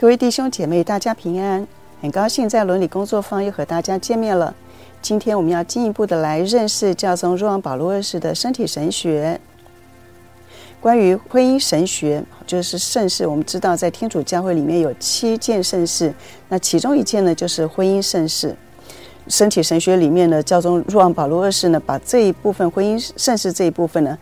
各位弟兄姐妹，大家平安！很高興在倫理工作坊又和大家見面了。今天我們要進一步的來認識教宗若望保祿二世的身體神學。關於婚姻神學，就是聖事，我們知道在天主教會裡面有七件聖事，那其中一件呢就是婚姻聖事。身體神學裡面呢，教宗若望保祿二世呢，把這一部分婚姻聖事這一部分呢。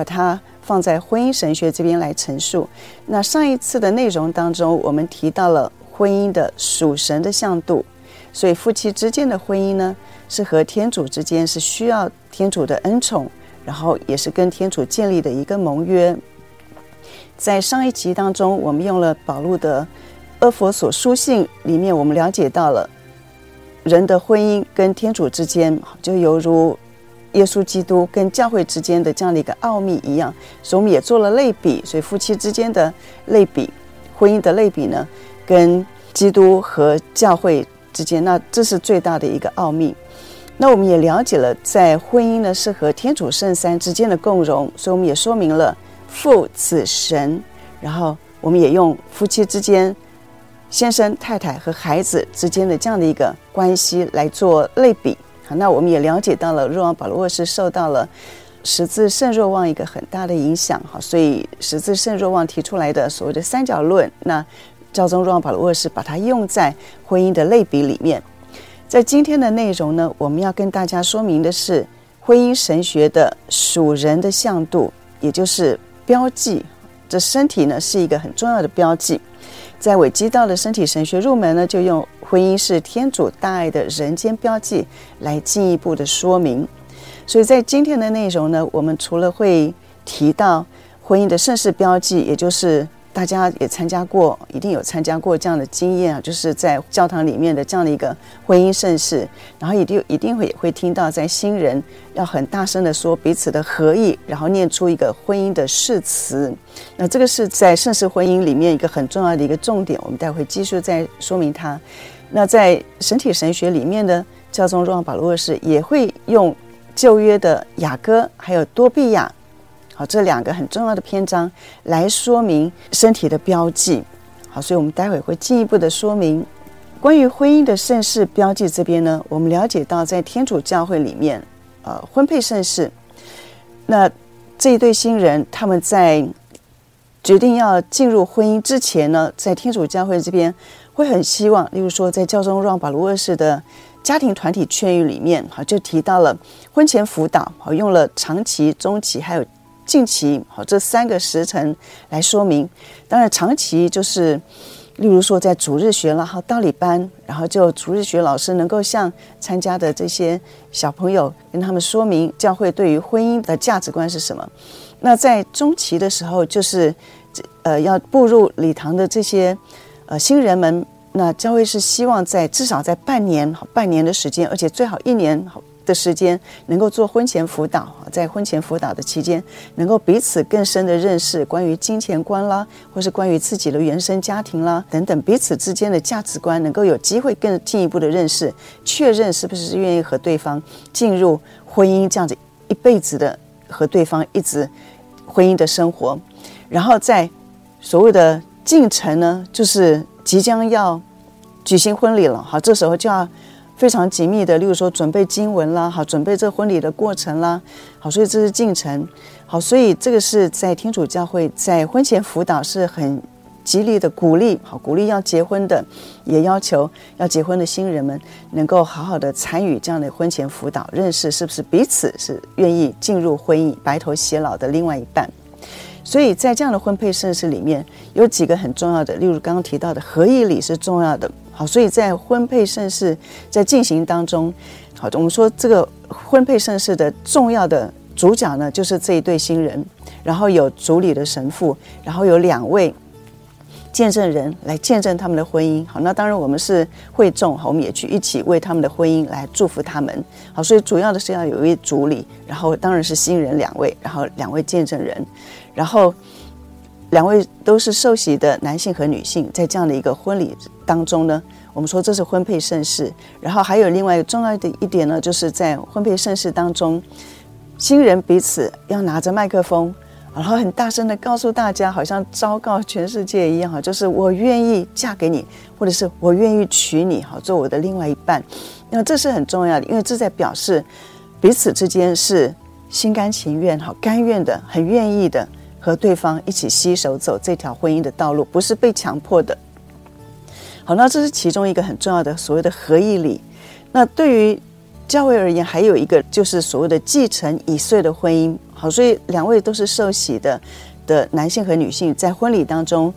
把它放在婚姻神學這邊來陳述。那上一次的內容當中，我們提到了婚姻的屬神的向度，所以夫妻之間的婚姻呢，是和天主之間是需要天主的恩寵，然後也是跟天主建立的一個盟約。在上一集當中，我們用了保祿的《厄弗所書信》裡面，我們了解到了人的婚姻跟天主之間就猶如，耶穌基督跟教會之間的這樣的一個奧秘一樣，所以我們也做了類比。所以夫妻之間的類比，婚姻的類比呢，跟基督和教會之間，那這是最大的一個奧秘。那我們也了解了，在婚姻呢是和天主聖三之間的共融，所以我們也說明了父、子、神。然後我們也用夫妻之間、先生、太太和孩子之間的這樣的一個關係來做類比。那我們也了解到了，若望保祿二世受到了十字聖若望一個很大的影響哈，所以十字聖若望提出來的所謂的三角論，那教宗若望保祿二世把它用在婚姻的類比裡面。在今天的內容呢，我們要跟大家說明的是婚姻神學的屬人的向度，也就是標記。這身體呢是一個很重要的標記。在韋基道的身體神學入門呢，就用婚姻是天主大愛的人間標記來進一步的說明。所以在今天的內容呢，我們除了會提到婚姻的聖事標記，也就是。大家也參加過，一定有參加過這樣的經驗啊，就是在教堂裡面的這樣的一個婚姻聖事，然後一定一定會也會聽到在新人要很大聲的說彼此的合意，然後念出一個婚姻的誓詞。那這個是在聖事婚姻裡面一個很重要的一個重點，我們待會繼續再說明它。那在身體神學裡面呢，教宗若望保祿二世也會用舊約的雅歌，還有多俾亞。好，這兩個很重要的篇章來說明身體的標記。好，所以我們待會會進一步的說明關於婚姻的聖事標記。這邊呢，我們了解到在天主教會裡面，呃，婚配聖事。那這一對新人他們在決定要進入婚姻之前呢，在天主教會這邊會很希望，例如說在教宗若望保祿二世的家庭團體勸諭裡面，好，就提到了婚前輔導，好，用了長期、中期還有。近期好，這三個時辰來說明。當然，長期就是，例如說在主日學了，然後道理班，然後就主日學老師能夠向參加的這些小朋友跟他們說明教會對於婚姻的價值觀是什麼？那在中期的時候，就是呃要步入禮堂的這些呃新人們，那教會是希望在至少在半年、半年的時間，而且最好一年的時間能夠做婚前輔導，在婚前輔導的期間，能夠彼此更深的認識，關於金錢觀啦，或是關於自己的原生家庭啦等等，彼此之間的價值觀能夠有機會更進一步的認識，確認是不是願意和對方進入婚姻這樣子一輩子的和對方一直婚姻的生活，然後在所謂的進程呢，就是即將要舉行婚禮了，好，這時候就要。非常緊密的，例如說準備經文啦，好，準備這婚禮的過程啦，好，所以這是進程，好，所以這個是在天主教會在婚前輔導是很極力的鼓勵，好，鼓勵要結婚的，也要求要結婚的新人們能夠好好的參與這樣的婚前輔導，認識是不是彼此是願意進入婚姻、白頭偕老的另外一半，所以在這樣的婚配聖事裡面有幾個很重要的，例如剛剛提到的合意禮是重要的。好，所以在婚配聖事在進行當中，好，我們說這個婚配聖事的重要的主角呢，就是這一對新人，然後有主禮的神父，然後有兩位見證人來見證他們的婚姻。好，那當然我們是會眾，好，我們也去一起為他們的婚姻來祝福他們。好，所以主要的是要有一位主禮，然後當然是新人兩位，然後兩位見證人，然後。兩位都是受洗的男性和女性，在這樣的一個婚禮當中呢，我們說這是婚配聖事。然後還有另外一個重要的一點呢，就是在婚配聖事當中，新人彼此要拿着麥克風，然後很大聲的告訴大家，好像昭告全世界一樣哈，就是我願意嫁給你，或者是我願意娶你哈，做我的另外一半。那這是很重要的，因為這在表示彼此之間是心甘情願哈，甘願的，很願意的。和對方一起攜手走這條婚姻的道路，不是被強迫的。好，那這是其中一個很重要的所謂的合意禮。那對於教會而言，還有一個就是所謂的繼承已遂的婚姻。好，所以兩位都是受洗的的男性和女性，在婚禮當中。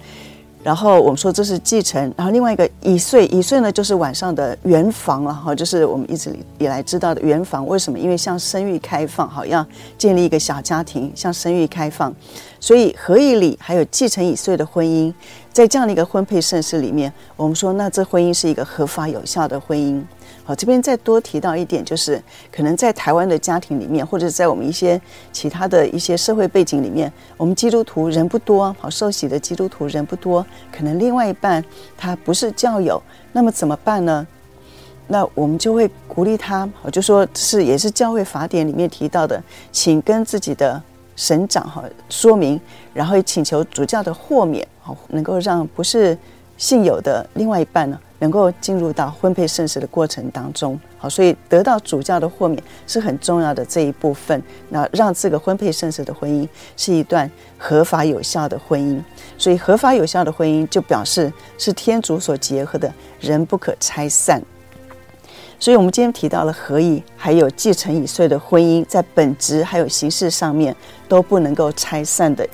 然後我們說，這是繼承，然後另外一個已遂已遂呢，就是晚上的圓房了哈，就是我們一直以來知道的圓房，為什麼？因為向生育開放哈，要建立一個小家庭，向生育開放，所以合一禮還有繼承已遂的婚姻，在這樣的一個婚配聖事裡面，我們說，那這婚姻是一個合法有效的婚姻。好，這邊再多提到一點，就是可能在台灣的家庭裡面，或者在我們一些其他的一些社會背景裡面，我們基督徒人不多，好，受洗的基督徒人不多，可能另外一半他不是教友，那麼怎麼辦呢？那我們就會鼓勵他，我就說是也是教會法典裡面提到的，請跟自己的神長好說明，然後請求主教的豁免，好能夠讓不是信友的另外一半呢。能夠進入到婚配聖事的過程當中，好，所以得到主教的豁免是很重要的這一部分。那讓這個婚配聖事的婚姻是一段合法有效的婚姻，所以合法有效的婚姻就表示是天主所結合的人不可拆散。所以我們今天提到了合意，還有既成已遂的婚姻，在本質還有形式上面都不能夠拆散的。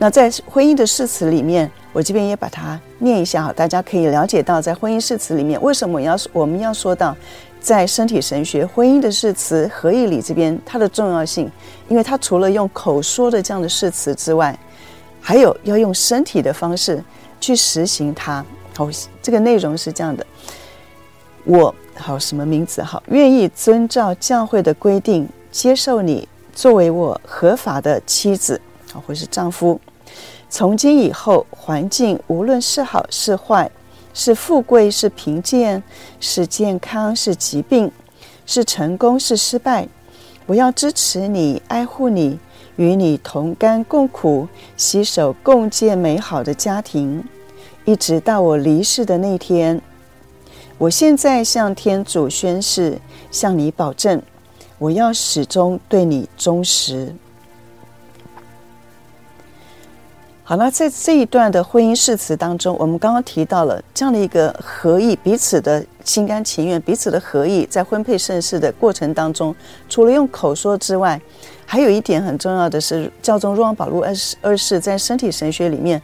那在婚姻的誓詞裡面，我這邊也把它念一下哈，大家可以了解到，在婚姻誓詞裡面，為什麼我要我們要說到在身體神學婚姻的誓詞合意禮這邊它的重要性？因為它除了用口說的這樣的誓詞之外，還有要用身體的方式去實行它。好，這個內容是這樣的：我好什麼名字好，願意遵照教會的規定，接受你作為我合法的妻子，或是丈夫。從今以後，環境無論是好是壞，是富貴是貧，是貧賤，是健康是疾病，是成功是失敗，我要支持你，愛護你，與你同甘共苦，攜手共建美好的家庭，一直到我離世的那天。我現在向天主宣誓，向你保證，我要始終對你忠實。好了，在這一段的婚姻誓詞當中，我們剛剛提到了這樣的一個合意，彼此的心甘情願，彼此的合意，在婚配聖事的過程當中，除了用口說之外，還有一點很重要的是，教宗若望保祿二世二世在身體神學裡面。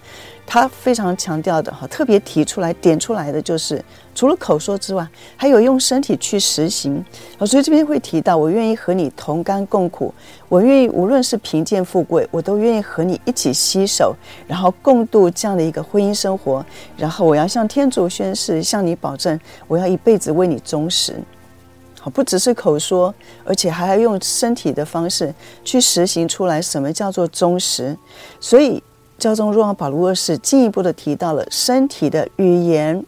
他非常強調的哈，特別提出來、點出來的就是，除了口說之外，還有用身體去實行。所以這邊會提到，我願意和你同甘共苦，我願意無論是貧賤富貴，我都願意和你一起攜手，然後共度這樣的一個婚姻生活。然後我要向天主宣誓，向你保證，我要一輩子為你忠實。好，不只是口說，而且還要用身體的方式去實行出來，什麼叫做忠實？所以。教宗若望保祿二世進一步的提到了身體的語言。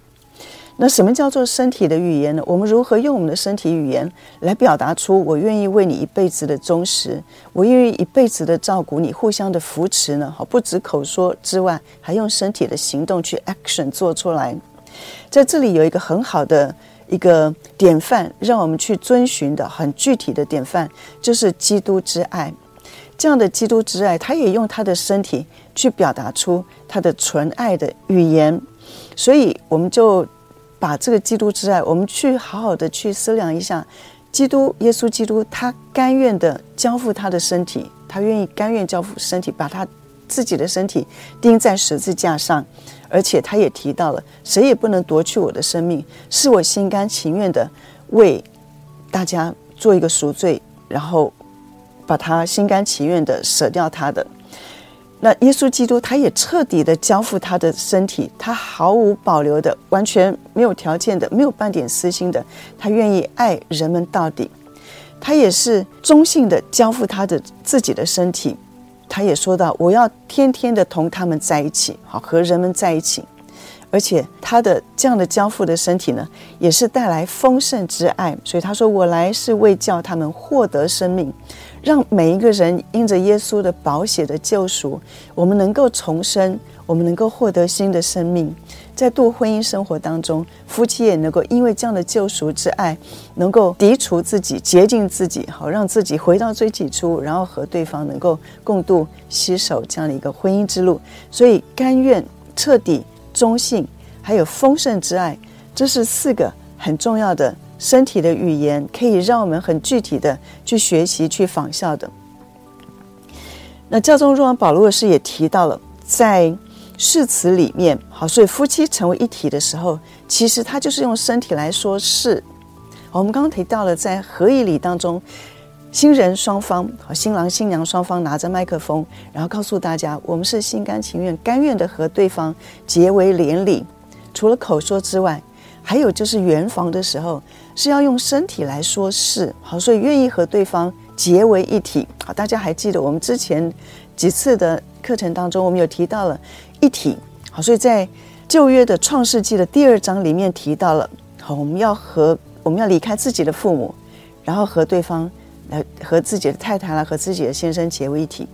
那什麼叫做身體的語言呢？我們如何用我們的身體語言來表達出我願意為你一輩子的忠實，我願意一輩子的照顧你，互相的扶持呢？好，不止口說之外，還用身體的行動去 action 做出來。在這裡有一個很好的一個典範，讓我們去遵循的很具體的典範，就是基督之愛。這樣的基督之愛，他也用他的身體。去表達出他的純愛的語言，所以我們就把這個基督之愛，我們去好好的去思量一下，基督耶穌基督，他甘願的交付他的身體，他願意甘願交付身體，把他自己的身體釘在十字架上，而且他也提到了，誰也不能奪去我的生命，是我心甘情願的為大家做一個贖罪，然後把他心甘情願的捨掉他的。那耶穌基督他也徹底的交付他的身體，他毫無保留的，完全沒有條件的，沒有半點私心的，他願意愛人們到底。他也是忠心的交付他的自己的身體。他也說到：“我要天天的同他們在一起，好和人們在一起。”而且他的這樣的交付的身體呢，也是帶來豐盛之愛。所以他說：“我來是為叫他們獲得生命。”讓每一個人因着耶穌的寶血的救贖，我們能夠重生，我們能夠獲得新的生命，在度婚姻生活當中，夫妻也能夠因為這樣的救贖之愛，能夠滌除自己，潔淨自己，好讓自己回到最起初，然後和對方能夠共度攜手這樣的一個婚姻之路。所以，甘願、徹底、忠信，還有豐盛之愛，這是四個很重要的。身體的語言可以讓我們很具體的去學習、去仿效的。那教宗若望保羅二世也提到了，在誓詞裡面，好，所以夫妻成為一體的時候，其實他就是用身體來說誓。我們剛剛提到了在合意禮當中，新人雙方，和新郎新娘雙方拿着麥克風，然後告訴大家，我們是心甘情願、甘願的和對方結為連理。除了口說之外，還有就是圓房的時候。是要用身體來說是好，所以願意和對方結為一體好，大家還記得我們之前幾次的課程當中，我們有提到了一體好，所以在舊約的創世紀的第二章裡面提到了好，我們要和我們要離開自己的父母，然後和對方來和自己的太太來和自己的先生結為一體。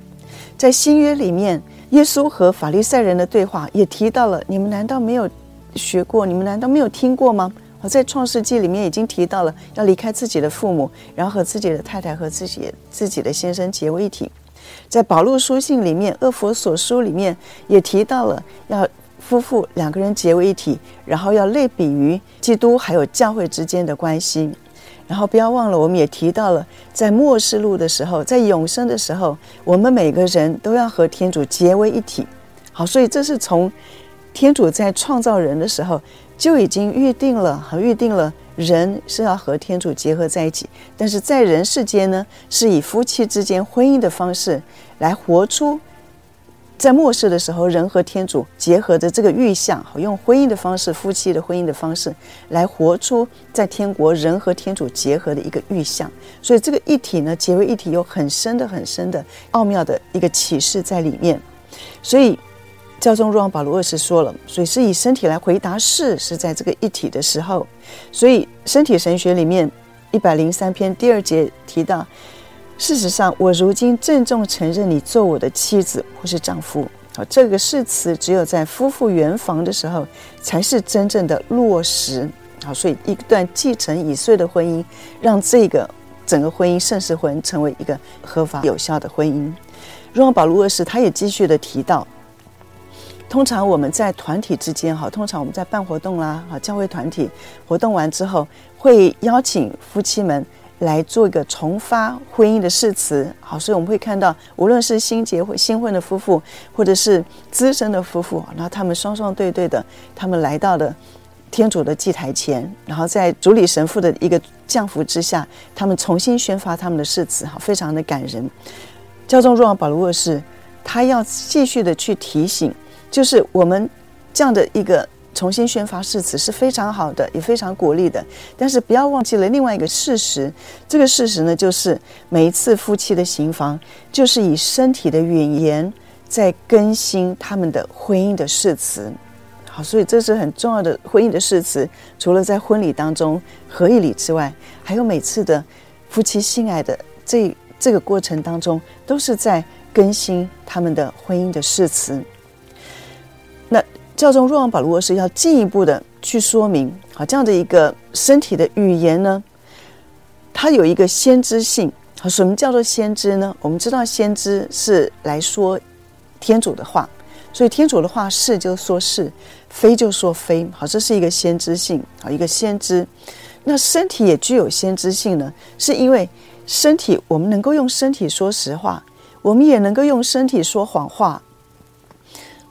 在新約裡面，耶穌和法利賽人的對話也提到了，你們難道沒有學過？你們難道沒有聽過嗎？在創世紀裡面已經提到了要離開自己的父母，然後和自己的太太和自己自己的先生結為一體，在保祿書信裡面、厄弗所書裡面也提到了要夫婦兩個人結為一體，然後要類比於基督還有教會之間的關係，然後不要忘了，我們也提到了在末世路的時候，在永生的時候，我們每個人都要和天主結為一體。好，所以這是從天主在創造人的時候。就已經預定了和預定了，人是要和天主結合在一起，但是在人世間呢，是以夫妻之間婚姻的方式來活出，在末世的時候，人和天主結合的這個預象。好，用婚姻的方式，夫妻的婚姻的方式來活出在天國人和天主結合的一個預象，所以這個一體呢，結為一體有很深的、很深的奧妙的一個啟示在裡面，所以。教宗若望保祿二世說了：“所以是以身體來回答，是是在這個一體的時候，所以身體神學裡面一百零三篇第二節提到，事實上，我如今鄭重承認你做我的妻子或是丈夫。好，這個誓詞只有在夫婦圓房的時候才是真正的落實。好，所以一段既成已遂的婚姻，讓這個整個婚姻聖事婚成為一個合法有效的婚姻。若望保祿二世他也繼續的提到。”通常我們在團體之間，哈，通常我們在辦活動啦，哈，教會團體活動完之後，會邀請夫妻們來做一個重發婚姻的誓詞，好，所以我們會看到，無論是新結婚新婚的夫婦，或者是資深的夫婦，然後他們雙雙對對的，他們來到了天主的祭台前，然後在主禮神父的一個降福之下，他們重新宣發他們的誓詞，哈，非常的感人。教宗若望保祿二世，他要繼續的去提醒，就是我們這樣的一個重新宣發誓詞是非常好的，也非常鼓勵的。但是不要忘記了另外一個事實，這個事實呢，就是每一次夫妻的行房，就是以身體的語言在更新他們的婚姻的誓詞。好，所以這是很重要的婚姻的誓詞。除了在婚禮當中合一禮之外，還有每次的夫妻性愛的這這個過程當中，都是在更新他們的婚姻的誓詞。教宗若望保祿二世要進一步的去說明，好，這樣的一個身體的語言呢，它有一個先知性。好，什麼叫做先知呢？我們知道先知是來說天主的話，所以天主的話是就說“是”，非就說“非”。好，這是一個先知性。好，一個先知。那身體也具有先知性呢，是因為身體我們能夠用身體說實話，我們也能夠用身體說謊話。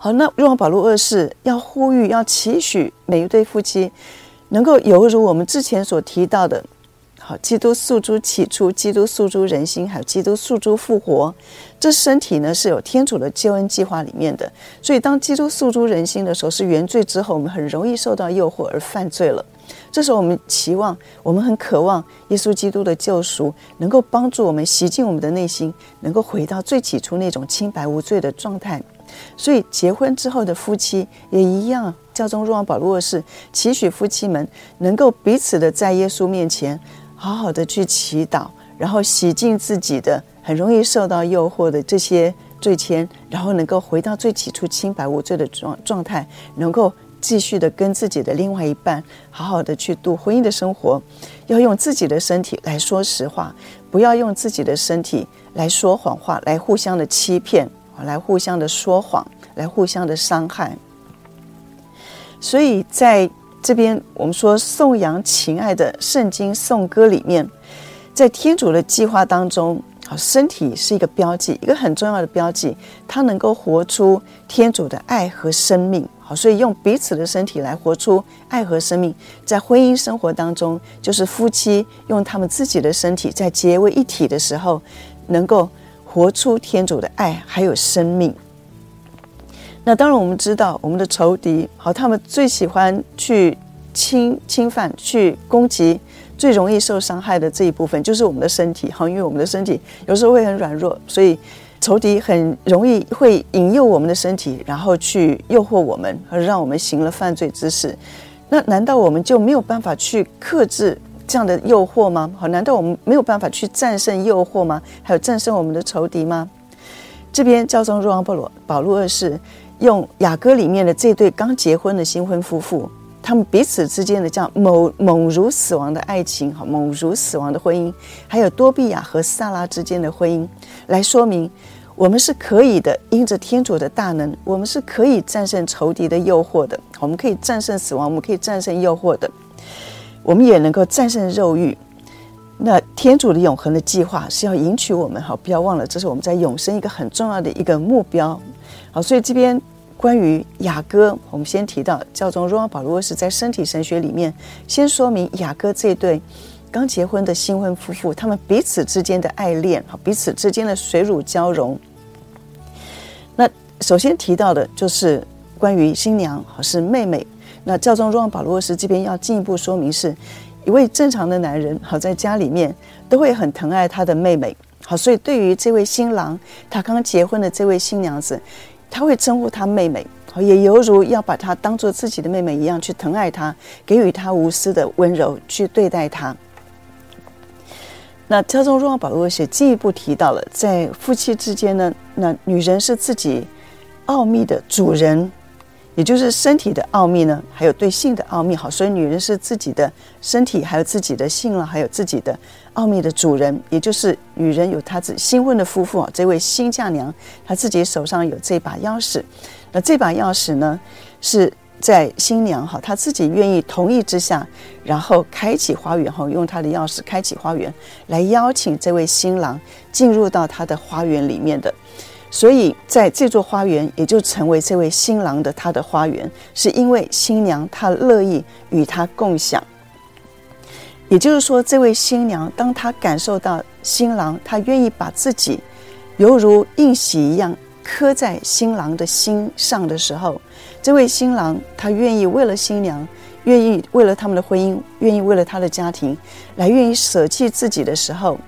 好，那若望保祿二世要呼籲，要期許每一對夫妻，能夠猶如我們之前所提到的，好，基督訴諸起初，基督訴諸人心，還有基督訴諸復活，這身體呢，是有天主的救恩計劃裡面的。所以，當基督訴諸人心的時候，是原罪之後，我們很容易受到誘惑而犯罪了。這時候我們期望，我們很渴望耶穌基督的救贖能夠幫助我們洗淨我們的內心，能夠回到最起初那種清白無罪的狀態。所以，結婚之後的夫妻也一樣。教宗若望保祿二世期許夫妻們能夠彼此的在耶穌面前好好的去祈禱，然後洗淨自己的很容易受到誘惑的這些罪愆，然後能夠回到最起初清白無罪的狀狀態，能夠繼續的跟自己的另外一半好好的去度婚姻的生活，要用自己的身體來說實話，不要用自己的身體來說謊話，來互相的欺騙。來互相的說謊，來互相的傷害。所以在這邊，我們說頌揚情愛的聖經頌歌裡面，在天主的計劃當中，好，身體是一個標記，一個很重要的標記，它能夠活出天主的愛和生命。好，所以用彼此的身體來活出愛和生命，在婚姻生活當中，就是夫妻用他們自己的身體在結為一體的時候，能夠。活出天主的愛，還有生命。那當然，我們知道我們的仇敵，好，他們最喜歡去侵侵犯、去攻擊，最容易受傷害的這一部分就是我們的身體，好，因為我們的身體有時候會很軟弱，所以仇敵很容易會引誘我們的身體，然後去誘惑我們，而讓我們行了犯罪之事。那難道我們就沒有辦法去克制？這樣的誘惑嗎？好，難道我們沒有辦法去戰勝誘惑嗎？還有戰勝我們的仇敵嗎？這邊教宗若望保祿保祿二世用雅歌裡面的這對剛結婚的新婚夫婦，他們彼此之間的這樣猛猛如死亡的愛情，哈，猛如死亡的婚姻，還有多比亞和薩拉之間的婚姻，來說明我們是可以的，因着天主的大能，我們是可以戰勝仇敵的誘惑的，我們可以戰勝死亡，我們可以戰勝誘惑的。我們也能夠戰勝肉欲，那天主的永恆的計劃是要迎娶我們。哈，不要忘了，這是我們在永生一個很重要的一個目標。好，所以這邊關於雅歌，我們先提到教宗若望保祿二世在身體神學裡面，先說明雅歌這對剛結婚的新婚夫婦他們彼此之間的愛戀，好，彼此之間的水乳交融。那首先提到的就是關於新娘，好，是妹妹。那教宗若望保祿二世這邊要進一步說明是，是一位正常的男人，好，在家裡面都會很疼愛他的妹妹，好，所以對於這位新郎，他剛結婚的這位新娘子，他會稱呼他妹妹，好，也猶如要把她當做自己的妹妹一樣去疼愛她，給予她無私的溫柔去對待她。那教宗若望保祿二世進一步提到了，在夫妻之間呢，那女人是自己奧秘的主人。也就是身體的奧秘呢，還有對性的奧秘。好，所以女人是自己的身體，還有自己的性了，還有自己的奧秘的主人，也就是女人有她自新婚的夫婦啊，這位新嫁娘，她自己手上有這把鑰匙，那這把鑰匙呢是在新娘哈她自己願意同意之下，然後開啟花園後，用她的鑰匙開啟花園，來邀請這位新郎進入到她的花園裡面的。所以，在這座花園也就成為這位新郎的他的花園，是因為新娘她樂意與他共享。也就是說，這位新娘，當她感受到新郎他願意把自己猶如印璽一樣刻在新郎的心上的時候，這位新郎他願意為了新娘，願意為了他們的婚姻，願意為了他的家庭，來願意捨棄自己的時候，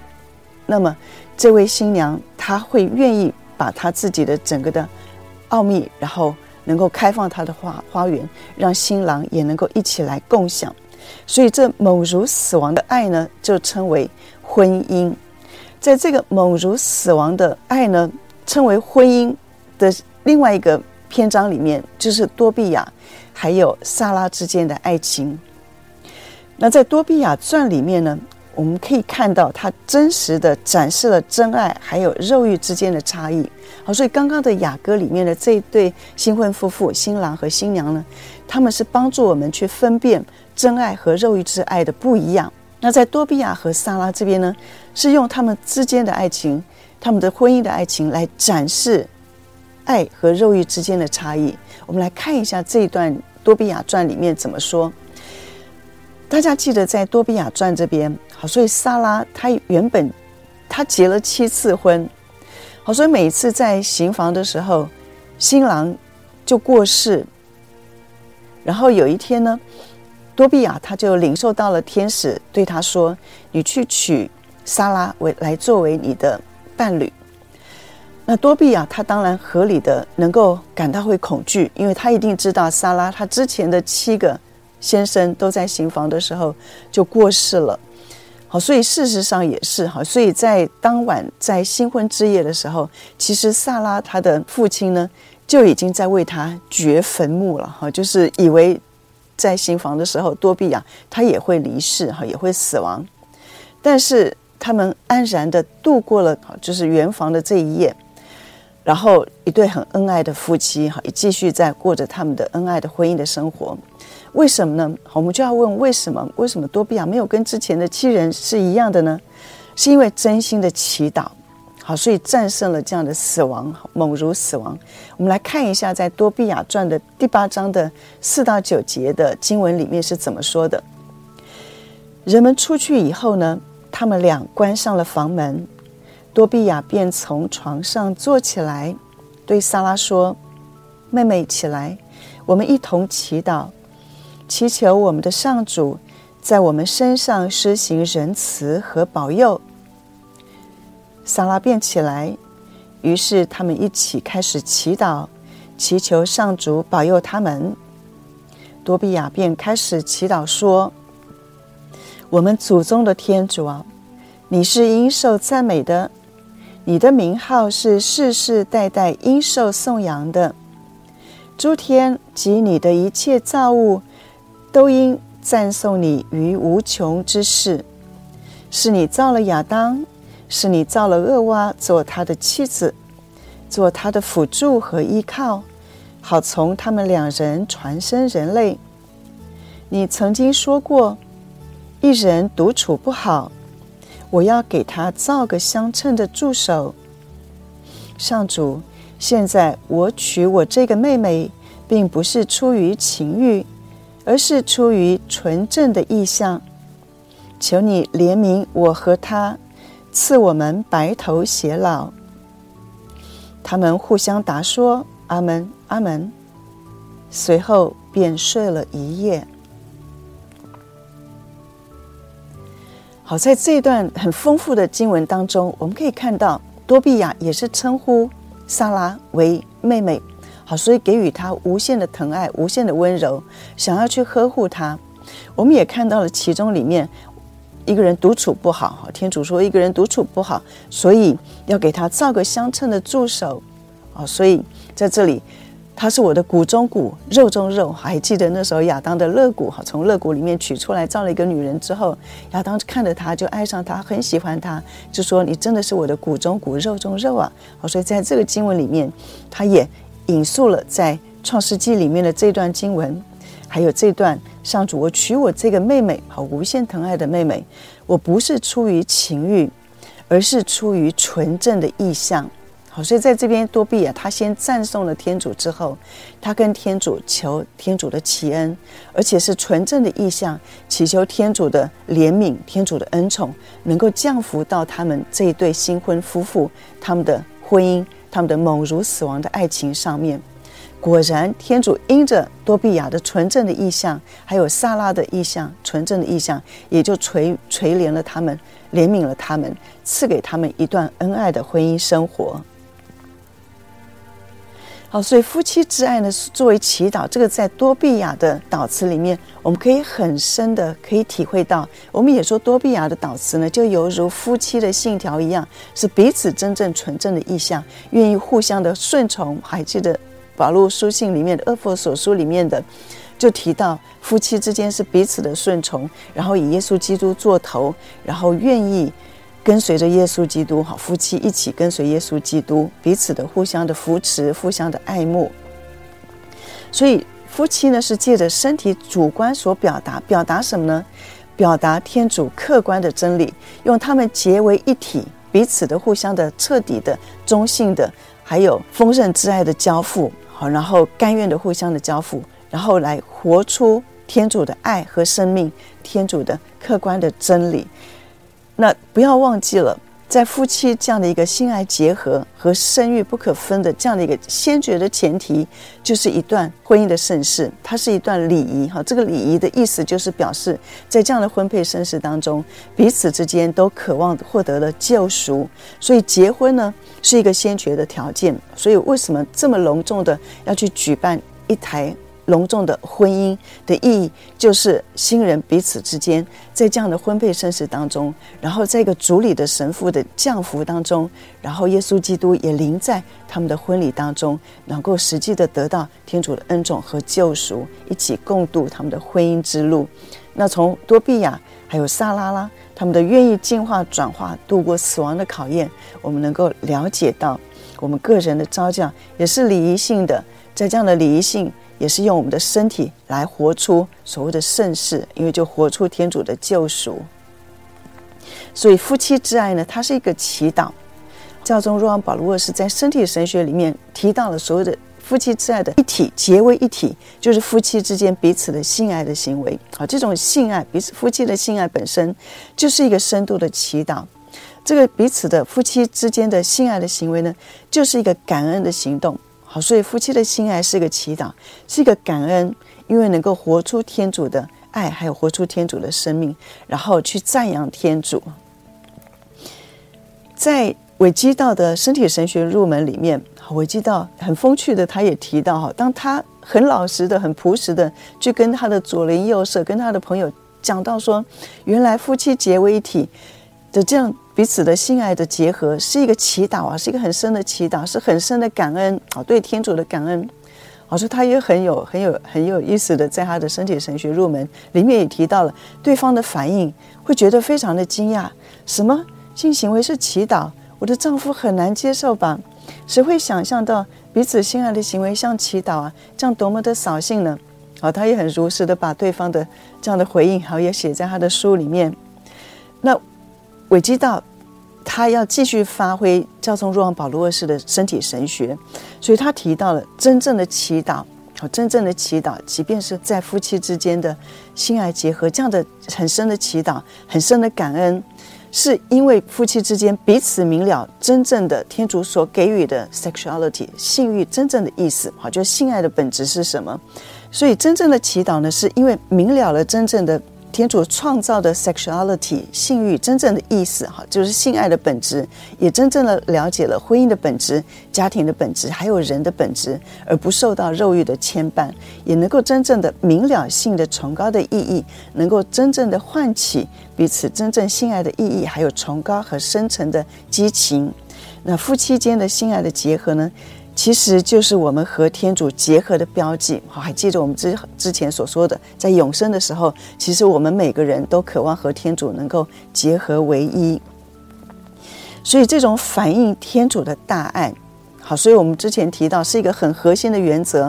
那麼，這位新娘她會願意。把他自己的整個的奧秘，然後能夠開放他的花花園，讓新郎也能夠一起來共享。所以，這猛如死亡的愛呢，就稱為婚姻。在這個猛如死亡的愛呢，稱為婚姻的另外一個篇章裡面，就是多俾亞還有薩拉之間的愛情。那在多俾亞傳裡面呢，我們可以看到，它真實的展示了真愛還有肉欲之間的差異。好，所以剛剛的雅歌裡面的這一對新婚夫婦，新郎和新娘呢，他們是幫助我們去分辨真愛和肉欲之愛的不一樣。那在多比亞和薩拉這邊呢，是用他們之間的愛情，他們的婚姻的愛情來展示愛和肉欲之間的差異。我們來看一下這一段多比亞傳裡面怎麼說。大家記得在多比亞傳這邊好，所以莎拉她原本她結了七次婚，好，所以每一次在行房的時候，新郎就過世。然後有一天呢，多比亞他就領受到了天使，對他說：“你去娶莎拉為來作為你的伴侶。”那多比亞他當然合理的能夠感到會恐懼，因為他一定知道莎拉他之前的七個。先生都在行房的時候就過世了，好，所以事實上也是哈，所以在當晚，在新婚之夜的時候，其實薩拉他的父親呢就已經在為他掘墳墓了哈，就是以為在行房的時候多比亞啊，他也會離世哈，也會死亡，但是他們安然的度過了就是圓房的這一夜，然後一對很恩愛的夫妻哈，也繼續在過着他們的恩愛的婚姻的生活。為什麼呢？好，我們就要問為什麼？為什麼多比亞沒有跟之前的七人是一樣的呢？是因為真心的祈禱，好，所以戰勝了這樣的死亡，猛如死亡。我們來看一下，在多比亞傳的第八章的四到九節的經文裡面是怎麼說的：人們出去以後呢，他們倆關上了房門，多比亞便從床上坐起來，對薩拉說：“妹妹，起來，我們一同祈禱。”祈求我們的上主在我們身上施行仁慈和保佑。薩拉便起來，於是他們一起開始祈禱，祈求上主保佑他們。多比亞便開始祈禱說：“我們祖宗的天主啊，你是應受讚美的，你的名號是世世代代應受頌揚的。諸天及你的一切造物。”都應讚頌你於無窮之世，是你造了亞當，是你造了厄娃，做他的妻子，做他的輔助和依靠，好從他們兩人傳生人類。你曾經說過，一人獨處不好，我要給他造個相稱的助手。上主，現在我娶我這個妹妹，並不是出於情慾。而是出於純正的意向，求你憐憫我和他，賜我們白頭偕老。他們互相答說：“阿門，阿門。”隨後便睡了一夜。好，在這一段很豐富的經文當中，我們可以看到多比亞也是稱呼薩拉為妹妹。好，所以給予他無限的疼愛，無限的溫柔，想要去呵護他。我們也看到了其中裡面一個人獨處不好。哈，天主說一個人獨處不好，所以要給他造個相稱的助手。啊，所以在這裡他是我的骨中骨，肉中肉。還記得那時候亞當的肋骨哈，從肋骨裡面取出來造了一個女人之後，亞當看着她就愛上她，很喜歡她，就說：“你真的是我的骨中骨，肉中肉啊！”好，所以在這個經文裡面，他也。引述了在《創世紀》裡面的這段經文，還有這段上主，我娶我這個妹妹，好無限疼愛的妹妹，我不是出於情慾，而是出於純正的意向。好，所以在這邊多俾亞，他先讚頌了天主之後，他跟天主求天主的祈恩，而且是純正的意向，祈求天主的憐憫、天主的恩寵，能夠降福到他們這一對新婚夫婦，他們的婚姻。他們的猛如死亡的愛情上面，果然，天主因着多俾亞的純正的意向，還有薩拉的意向，純正的意向，也就垂垂憐了他們，憐憫了他們，賜給他們一段恩愛的婚姻生活。好，所以夫妻之愛呢，是作為祈禱，這個在多俾亞的禱詞裡面，我們可以很深的可以體會到。我們也說多俾亞的禱詞呢，就猶如夫妻的信條一樣，是彼此真正純正的意向，願意互相的順從。還記得保祿書信裡面的，厄弗所書裡面的，就提到夫妻之間是彼此的順從，然後以耶穌基督作頭，然後願意。跟隨着耶穌基督，好，夫妻一起跟隨耶穌基督，彼此的互相的扶持，互相的愛慕。所以夫妻呢，是借着身體主觀所表達，表達什麼呢？表達天主客觀的真理，用他們結為一體，彼此的互相的徹底的中性的，還有豐盛之愛的交付，好，然後甘願的互相的交付，然後來活出天主的愛和生命，天主的客觀的真理。那不要忘記了，在夫妻這樣的一個性愛結合和生育不可分的這樣的一個先決的前提，就是一段婚姻的聖事，它是一段禮儀哈。這個禮儀的意思就是表示在這樣的婚配聖事當中，彼此之間都渴望獲得了救贖，所以結婚呢是一個先決的條件。所以為什麼這麼隆重的要去舉辦一台？隆重的婚姻的意義，就是新人彼此之間，在這樣的婚配聖事當中，然後在一個主禮的神父的降福當中，然後耶穌基督也臨在他們的婚禮當中，能夠實際的得到天主的恩寵和救贖，一起共度他們的婚姻之路。那從多俾亞還有薩拉拉他們的願意淨化轉化、度過死亡的考驗，我們能夠了解到，我們個人的召叫也是禮儀性的，在這樣的禮儀性。也是用我們的身體來活出所謂的盛世，因為就活出天主的救贖。所以夫妻之愛呢，它是一個祈禱。教宗若望保祿二世在《身體神學》裡面提到了所謂的夫妻之愛的一體結為一體，就是夫妻之間彼此的性愛的行為。好，這種性愛彼此夫妻的性愛本身就是一個深度的祈禱。這個彼此的夫妻之間的性愛的行為呢，就是一個感恩的行動。好，所以夫妻的性愛是一個祈禱，是一個感恩，因為能夠活出天主的愛，還有活出天主的生命，然後去讚揚天主。在韋基道的身體神學入門裡面，好，韋基道很風趣的，他也提到哈，當他很老實的、很樸實的去跟他的左鄰右舍、跟他的朋友講到說，原來夫妻結為一體，就這樣。彼此的性愛的結合是一個祈禱啊，是一個很深的祈禱，是很深的感恩啊，對天主的感恩。好，說他也很有、很有、很有意思的，在他的《身體神學入門》裡面也提到了對方的反應，會覺得非常的驚訝。什麼性行為是祈禱？我的丈夫很難接受吧？誰會想象到彼此性愛的行為像祈禱啊？這樣多麼的掃興呢？好、哦，他也很如實的把對方的這樣的回應，好也寫在他的書裡面。那。韋基道，他要繼續發揮教宗若望保祿二世的身體神學，所以他提到了真正的祈禱。好，真正的祈禱，即便是在夫妻之間的性愛結合，這樣的很深的祈禱，很深的感恩，是因為夫妻之間彼此明了真正的天主所給予的 sexuality 性欲真正的意思，好就是性愛的本質是什麼，所以真正的祈禱呢，是因為明了了真正的。天主創造的 sexuality 性慾真正的意思，哈，就是性愛的本質，也真正的了解了婚姻的本質、家庭的本質，還有人的本質，而不受到肉慾的牽絆，也能夠真正的明了性的崇高的意義，能夠真正的喚起彼此真正性愛的意義，還有崇高和深沉的激情。那夫妻間的性愛的結合呢？其實就是我們和天主結合的標記。好，還記着我們之之前所說的，在永生的時候，其實我們每個人都渴望和天主能夠結合為一。所以，這種反映天主的大愛。好，所以我們之前提到是一個很核心的原則，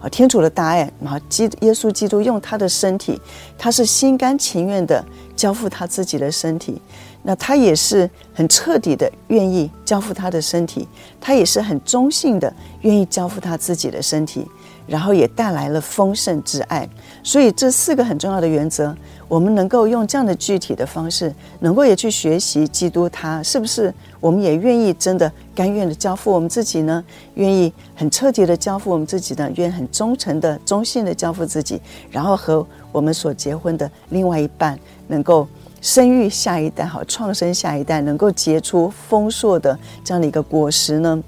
啊，天主的大愛，然後基耶穌基督用他的身體，他是心甘情願的交付他自己的身體，那他也是很徹底的願意交付他的身體，他也是很忠信的願意交付他自己的身體，然後也帶來了豐盛之愛。所以這四個很重要的原則，我們能夠用這樣的具體的方式，能夠也去學習基督，他是不是我們也願意真的甘願的交付我們自己呢？願意很徹底的交付我們自己呢？願意很忠誠的、忠信的交付自己，然後和我們所結婚的另外一半，能夠生育下一代，好，創生下一代，能夠結出豐碩的這樣的一個果實呢？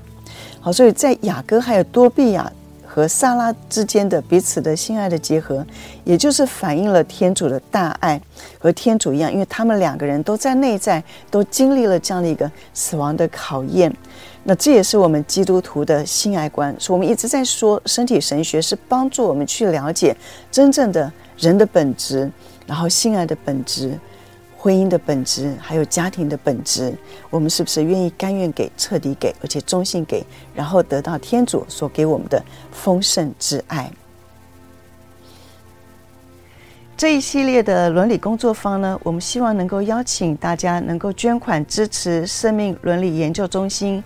好，所以在雅歌還有多比亞。和撒辣之間的彼此的性愛的結合，也就是反映了天主的大愛，和天主一樣，因為他們兩個人都在內在都經歷了這樣的一個死亡的考驗。那這也是我們基督徒的性愛觀。所以我們一直在說，身體神學是幫助我們去了解真正的人的本質，然後性愛的本質。婚姻的本質，還有家庭的本質，我們是不是願意、甘願給、徹底給，而且忠信給，然後得到天主所給我們的豐盛之愛？這一系列的倫理工作坊呢，我們希望能夠邀請大家能夠捐款支持生命倫理研究中心。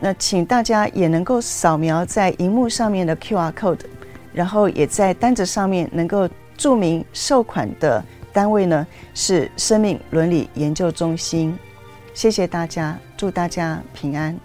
那請大家也能夠掃描在熒幕上面的 QR code，然後也在單子上面能夠注明受款的。單位呢，是生命倫理研究中心，謝謝大家，祝大家平安。